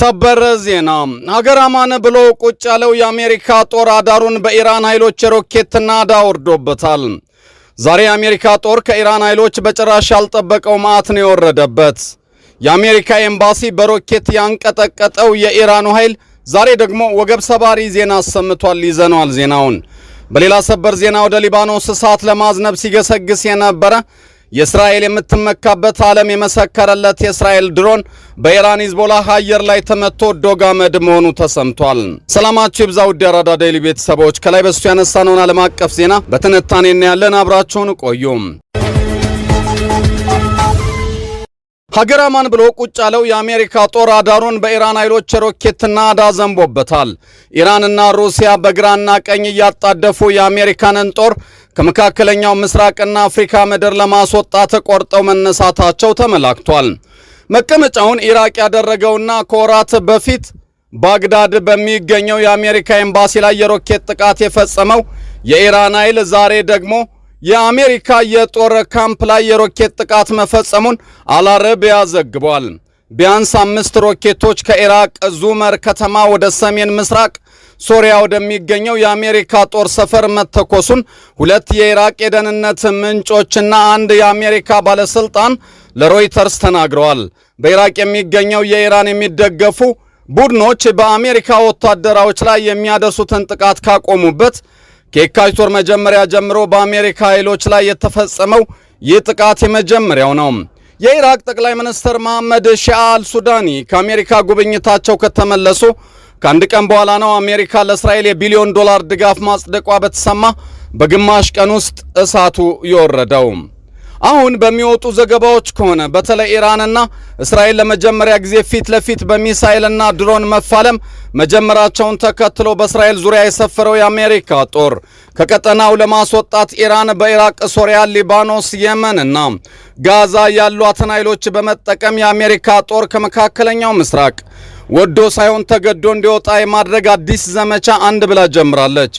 ሰበር ዜና። አገር አማን ብሎ ቁጭ ያለው የአሜሪካ ጦር አዳሩን በኢራን ኃይሎች ሮኬትና አዳ ወርዶበታል። ዛሬ የአሜሪካ ጦር ከኢራን ኃይሎች በጭራሽ ያልጠበቀው መዓት ነው የወረደበት። የአሜሪካ ኤምባሲ በሮኬት ያንቀጠቀጠው የኢራኑ ኃይል ዛሬ ደግሞ ወገብ ሰባሪ ዜና አሰምቷል። ይዘነዋል ዜናውን። በሌላ ሰበር ዜና ወደ ሊባኖስ እሳት ለማዝነብ ሲገሰግስ የነበረ የእስራኤል የምትመካበት ዓለም የመሰከረለት የእስራኤል ድሮን በኢራን ሂዝቦላ አየር ላይ ተመቶ ዶጋመድ መሆኑ ተሰምቷል። ሰላማችሁ ይብዛ ውድ የአራዳ ዴይሊ ቤተሰቦች፣ ከላይ በሱ ያነሳነውን ዓለም አቀፍ ዜና በትንታኔ እናያለን። አብራችሁን ቆዩም። ሀገር አማን ብሎ ቁጭ ያለው የአሜሪካ ጦር አዳሩን በኢራን ኃይሎች ሮኬትና አዳ ዘንቦበታል። ኢራንና ሩሲያ በግራና ቀኝ እያጣደፉ የአሜሪካንን ጦር ከመካከለኛው ምስራቅና አፍሪካ ምድር ለማስወጣት ቆርጠው መነሳታቸው ተመላክቷል። መቀመጫውን ኢራቅ ያደረገውና ከወራት በፊት ባግዳድ በሚገኘው የአሜሪካ ኤምባሲ ላይ የሮኬት ጥቃት የፈጸመው የኢራን ኃይል ዛሬ ደግሞ የአሜሪካ የጦር ካምፕ ላይ የሮኬት ጥቃት መፈጸሙን አልአረቢያ ዘግቧል። ቢያንስ አምስት ሮኬቶች ከኢራቅ ዙመር ከተማ ወደ ሰሜን ምስራቅ ሶሪያ ወደሚገኘው የአሜሪካ ጦር ሰፈር መተኮሱን ሁለት የኢራቅ የደህንነት ምንጮችና አንድ የአሜሪካ ባለሥልጣን ለሮይተርስ ተናግረዋል። በኢራቅ የሚገኘው የኢራን የሚደገፉ ቡድኖች በአሜሪካ ወታደራዎች ላይ የሚያደርሱትን ጥቃት ካቆሙበት ከየካቲት ወር መጀመሪያ ጀምሮ በአሜሪካ ኃይሎች ላይ የተፈጸመው ይህ ጥቃት የመጀመሪያው ነው። የኢራቅ ጠቅላይ ሚኒስትር መሐመድ ሺአ አልሱዳኒ ከአሜሪካ ጉብኝታቸው ከተመለሱ ከአንድ ቀን በኋላ ነው አሜሪካ ለእስራኤል የቢሊዮን ዶላር ድጋፍ ማጽደቋ በተሰማ በግማሽ ቀን ውስጥ እሳቱ የወረደው። አሁን በሚወጡ ዘገባዎች ከሆነ በተለይ ኢራንና እስራኤል ለመጀመሪያ ጊዜ ፊት ለፊት በሚሳኤልና ድሮን መፋለም መጀመራቸውን ተከትሎ በእስራኤል ዙሪያ የሰፈረው የአሜሪካ ጦር ከቀጠናው ለማስወጣት ኢራን በኢራቅ፣ ሶሪያ፣ ሊባኖስ፣ የመን እና ጋዛ ያሏትን ኃይሎች በመጠቀም የአሜሪካ ጦር ከመካከለኛው ምስራቅ ወዶ ሳይሆን ተገዶ እንዲወጣ የማድረግ አዲስ ዘመቻ አንድ ብላ ጀምራለች።